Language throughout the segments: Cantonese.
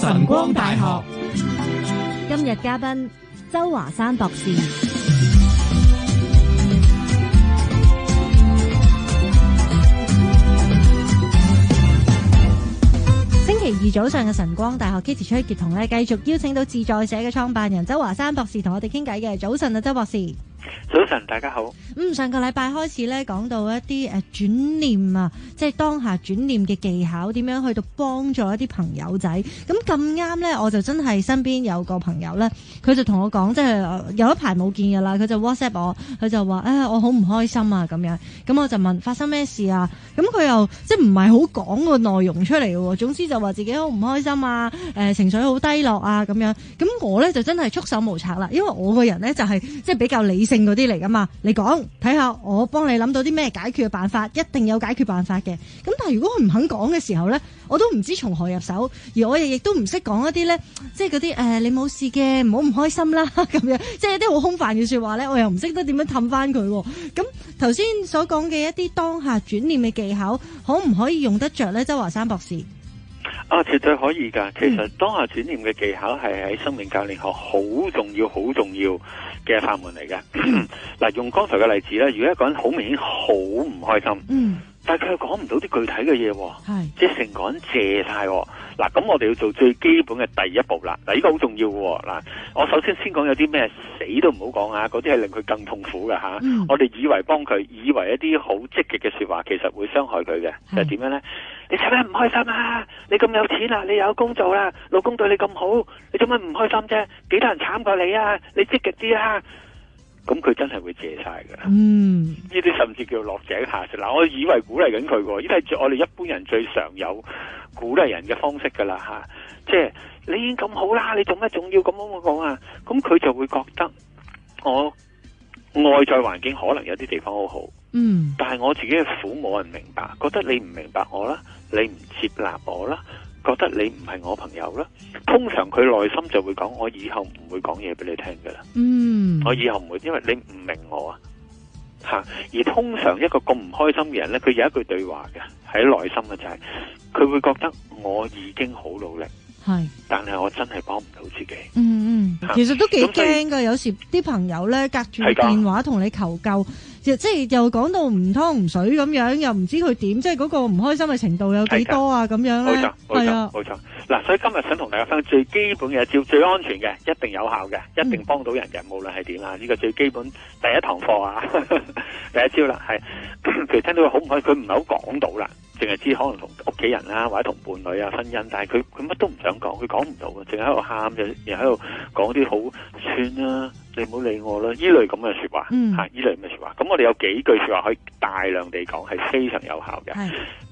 晨光大學今日嘉賓周華山博士。星期二早上嘅晨光大學 ，Kitty 崔傑同咧繼續邀請到自在社嘅創辦人周華山博士同我哋傾偈嘅。早晨啊，周博士。早晨，大家好。嗯、上個禮拜開始咧，講到一啲誒轉念啊，即係當下轉念嘅技巧，點樣去到幫助一啲朋友仔。咁咁啱咧，我就真係身邊有個朋友咧，佢就同我講，即係有一排冇見噶啦，佢就 WhatsApp 我，佢就話：，誒，我好唔開心啊，咁樣。咁我就問發生咩事啊？咁佢又即係唔係好講個內容出嚟，總之就話自己好唔開心啊，誒、呃，情緒好低落啊，咁樣。咁我咧就真係束手無策啦，因為我個人咧就係即係比較理性。正嗰啲嚟噶嘛？你講睇下，看看我幫你諗到啲咩解決嘅辦法？一定有解決辦法嘅。咁但係如果佢唔肯講嘅時候呢，我都唔知從何入手。而我亦亦都唔識講一啲呢，即係嗰啲誒，你冇事嘅，唔好唔開心啦，咁樣，即係一啲好空泛嘅說話呢，我又唔識得點樣氹翻佢。咁頭先所講嘅一啲當下轉念嘅技巧，可唔可以用得着呢？周華山博士，啊，絕對可以噶。其實當下轉念嘅技巧係喺生命教練學好重要，好重要。嘅法門嚟嘅，嗱 用剛才嘅例子咧，如果一個人好明顯好唔開心。嗯但係佢講唔到啲具體嘅嘢，即係、就是、成個人借晒。嗱，咁我哋要做最基本嘅第一步啦。嗱，呢個好重要喎。嗱，我首先先講有啲咩死都唔好講啊！嗰啲係令佢更痛苦㗎。吓、嗯。我哋以為幫佢，以為一啲好積極嘅說話，其實會傷害佢嘅。就係、是、點樣呢？你使咩唔開心啊？你咁有錢啦、啊，你有工做啦、啊，老公對你咁好，你做咩唔開心啫、啊？幾多人慘過你啊？你積極啲啊！咁佢真係會借晒噶，嗯，呢啲甚至叫落井下石。嗱，我以為鼓勵緊佢，因為我哋一般人最常有鼓勵人嘅方式噶啦，吓，即係你已經咁好啦，你做咩仲要咁樣講啊？咁佢就會覺得我外在環境可能有啲地方好好，嗯，但係我自己嘅苦冇人明白，覺得你唔明白我啦，你唔接納我啦。覺得你唔係我朋友啦，通常佢內心就會講：我以後唔會講嘢俾你聽噶啦。嗯，我以後唔會，因為你唔明我啊。吓，而通常一個咁唔開心嘅人呢，佢有一句對話嘅喺內心嘅就係，佢會覺得我已經好努力，係，但係我真係幫唔到自己。嗯嗯，其實都幾驚噶，有時啲朋友呢隔住電話同你求救。即係即係又講到唔湯唔水咁樣，又唔知佢點，即係嗰個唔開心嘅程度有幾多啊？咁樣咧，係啊，冇錯。嗱，所以今日想同大家分享最基本嘅一招，最安全嘅，一定有效嘅，一定幫到人嘅、嗯，無論係點啊！呢、呢個最基本第一堂課啊，呵呵第一招啦，係其實聽到佢好唔開，佢唔係好講到啦，淨係知可能同屋企人啦、啊，或者同伴侶啊、婚姻，但係佢佢乜都唔想講，佢講唔到啊，淨係喺度喊，又又喺度講啲好算啦，你唔好理我啦，呢類咁嘅說話，吓、嗯、呢、啊、類咁嘅說話，咁我哋有幾句說話可以大量地講，係非常有效嘅。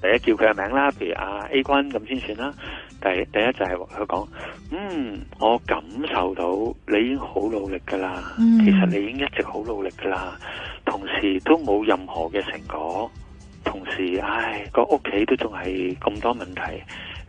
第一叫佢嘅名啦，譬如阿 A 君咁先算啦。第一，第一就係佢講，嗯，我感受到你已經好努力㗎喇，嗯，其實你已經一直好努力㗎喇，同時都冇任何嘅成果，同時，唉，個屋企都仲係咁多問題，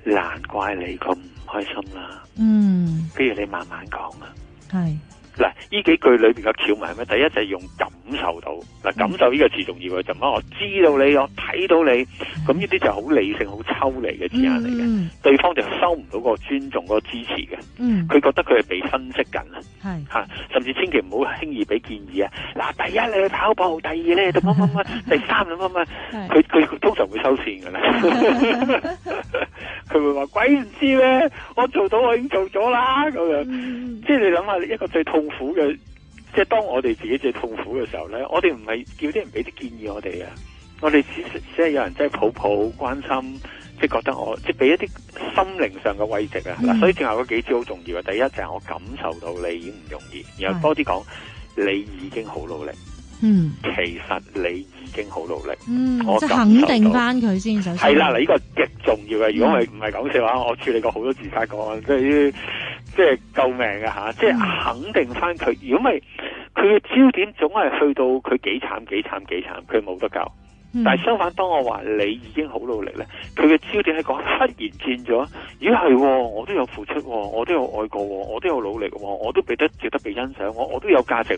難怪你咁唔開心啦，啊。嗯，不如你慢慢講啊。係。嗱，呢幾句裏邊嘅竅門係咩？第一就係用感受到，嗱，感受呢個字重要嘅就乜？我知道你，我睇到你，咁呢啲就係好理性、好抽離嘅字眼嚟嘅。對、嗯、對方就收唔到個尊重、個支持嘅。嗯，佢覺得佢係被分析緊啦。係吓，甚至千祈唔好輕易俾建議啊！嗱，第一你去跑步，第二咧就乜乜乜，第三咁乜乜，佢 佢通常會收線噶啦。 佢會話鬼唔知咩？我做到我已經做咗啦，咁樣。Mm -hmm. 即係你諗下，一個最痛苦嘅，即係當我哋自己最痛苦嘅時候咧，我哋唔係叫啲人俾啲建議我哋啊，我哋只只係有人真係抱抱關心，即係覺得我即係俾一啲心靈上嘅慰藉啊。嗱、mm -hmm.，所以最後嗰幾招好重要啊。第一就係我感受到你已經唔容易，然後多啲講、mm -hmm. 你已經好努力。嗯，其實你已經好努力，嗯，我感受到即係肯定翻佢先，首先係啦，呢、這個極重要嘅。如果唔係唔係講笑話，我處理過好多自殺個案，即係即係救命㗎。吓、啊嗯，即係肯定翻佢。如果唔係，佢嘅焦點總係去到佢幾慘幾慘幾慘，佢冇得救。嗯、但係相反，當我話你已經好努力咧，佢嘅焦點係講忽然轉咗。如果係，我都有付出，我都有愛過，我都有努力，我都俾得值得被欣賞，我我都有價值。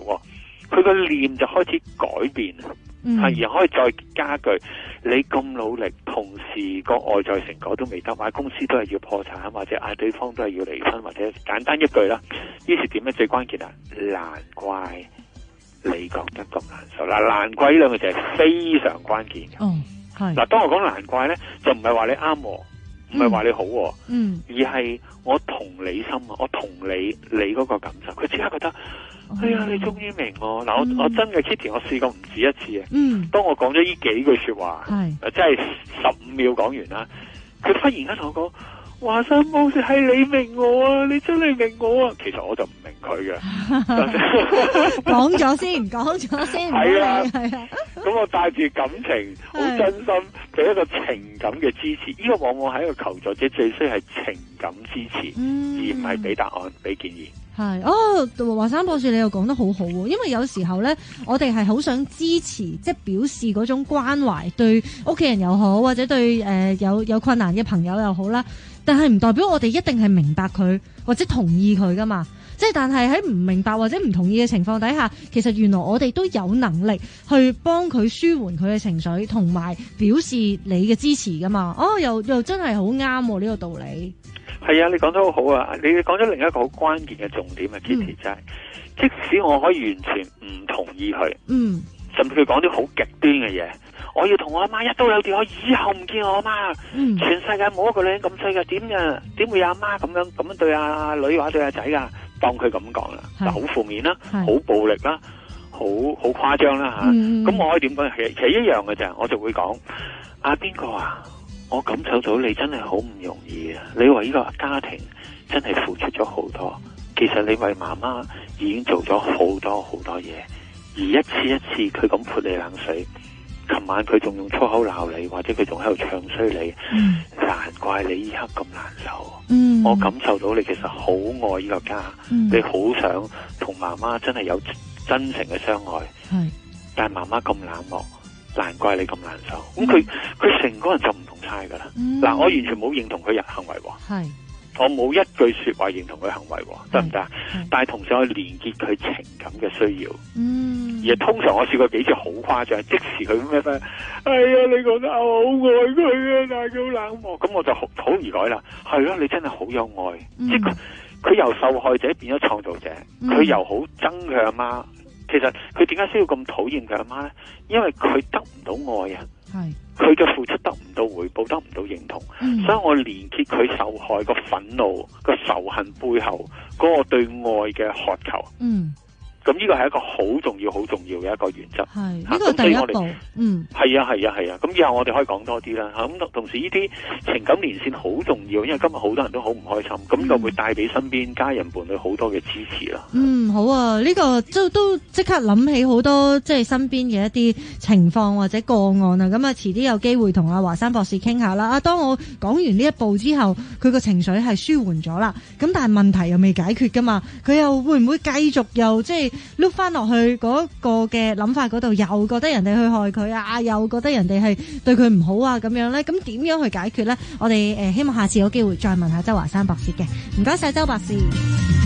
佢個念就開始改變，係、嗯、而可以再加句：你咁努力，同時個外在成果都未得，或者公司都係要破產，或者嗌對方都係要離婚，或者簡單一句啦。於是點咧最關鍵啊？難怪你講得咁難受。嗱，難怪呢兩個字係非常關鍵嘅。係、嗯、嗱。當我講難怪咧，就唔係話你啱，唔係話你好我，嗯，嗯，而係我同理心啊，我同你你嗰個感受，佢即刻覺得。哎呀，你終於明我嗱，嗯，我我真嘅 Kitty，我試過唔止一次啊，嗯。當我講咗呢幾句說話，係，即係十五秒講完啦，佢忽然間同我講：華生博士係你明我啊，你真係明我啊。其實我就唔明佢嘅， 講咗先，講咗先。係啊係啊，咁，啊， 我帶住感情，好真心，畀一個情感嘅支持。呢個往往係一個求助者最需要係情感支持，嗯，而唔係俾答案，俾，嗯，建議。係哦，華山博士，你又講得好好喎。因為有時候咧，我哋係好想支持，即、就是、表示嗰種關懷，對屋企人又好，或者對誒、呃、有有困難嘅朋友又好啦。但係唔代表我哋一定係明白佢或者同意佢噶嘛。即、就、係、是、但係喺唔明白或者唔同意嘅情況底下，其實原來我哋都有能力去幫佢舒緩佢嘅情緒，同埋表示你嘅支持噶嘛。哦，又又真係好啱呢個道理。係啊，你講得好好啊！你講咗另一個好關鍵嘅重點啊，Kitty，即係即使我可以完全唔同意佢，嗯，甚至佢講啲好極端嘅嘢，我要同我阿媽一刀兩斷，我以後唔見我阿媽，嗯，全世界冇一個女人咁衰噶，點啊？點會有阿媽咁樣咁樣對阿女話對阿仔啊？當佢咁講啦，嗱，好負面啦，好暴力啦，好好誇張啦吓，咁我可以點講？其實一樣嘅咋，我就會講阿邊個啊？我感受到你真係好唔容易啊！你為呢個家庭真係付出咗好多，其實你為媽媽已經做咗好多好多嘢，而一次一次佢咁潑你冷水，琴晚佢仲用粗口鬧你，或者佢仲喺度唱衰你，嗯、難怪你依刻咁難受。嗯、我感受到你其實好愛呢個家，嗯、你好想同媽媽真係有真誠嘅相愛，係、但係媽媽咁冷漠，難怪你咁難受。咁佢佢成個人就唔。係噶啦，嗱、啊，我完全冇認同佢人行為，係我冇一句說話認同佢行為，得唔得？但係同時我連結佢情感嘅需要，嗯，而通常我試過幾次好誇張，即時佢咩咩？哎呀，你講得我好愛佢啊，但係佢好冷漠，咁我就好而改啦，係咯、啊，你真係好有愛，嗯、即係佢，佢由受害者變咗創造者，佢又好憎佢阿媽，其實佢點解需要咁討厭佢阿媽咧？因為佢得唔到愛啊，係佢嘅付出得唔到。得唔到認同、嗯，所以我連結佢受害個憤怒、個仇恨背後嗰、嗰個對愛嘅渴求。嗯。咁呢個係一個好重要、好重要嘅一個原則，係呢、這個第一步，啊、嗯，係啊，係啊，係啊，咁、啊、以後我哋可以講多啲啦，咁、啊、同時呢啲情感連線好重要，因為今日好多人都好唔開心，咁、嗯、就會帶俾身邊家人伴侶好多嘅支持啦。嗯，好啊，呢、這個都都即刻諗起好多即係、就是、身邊嘅一啲情況或者個案啊，咁啊，遲啲有機會同阿華山博士傾下啦。阿、啊、當我講完呢一步之後，佢個情緒係舒緩咗啦，咁、啊、但係問題又未解決噶嘛，佢又會唔會繼續又即係？碌翻落去嗰個嘅諗法嗰度，又覺得人哋去害佢啊，又覺得人哋係對佢唔好啊，咁樣咧，咁點樣去解決咧？我哋誒希望下次有機會再問下周華山博士嘅，唔該晒周博士。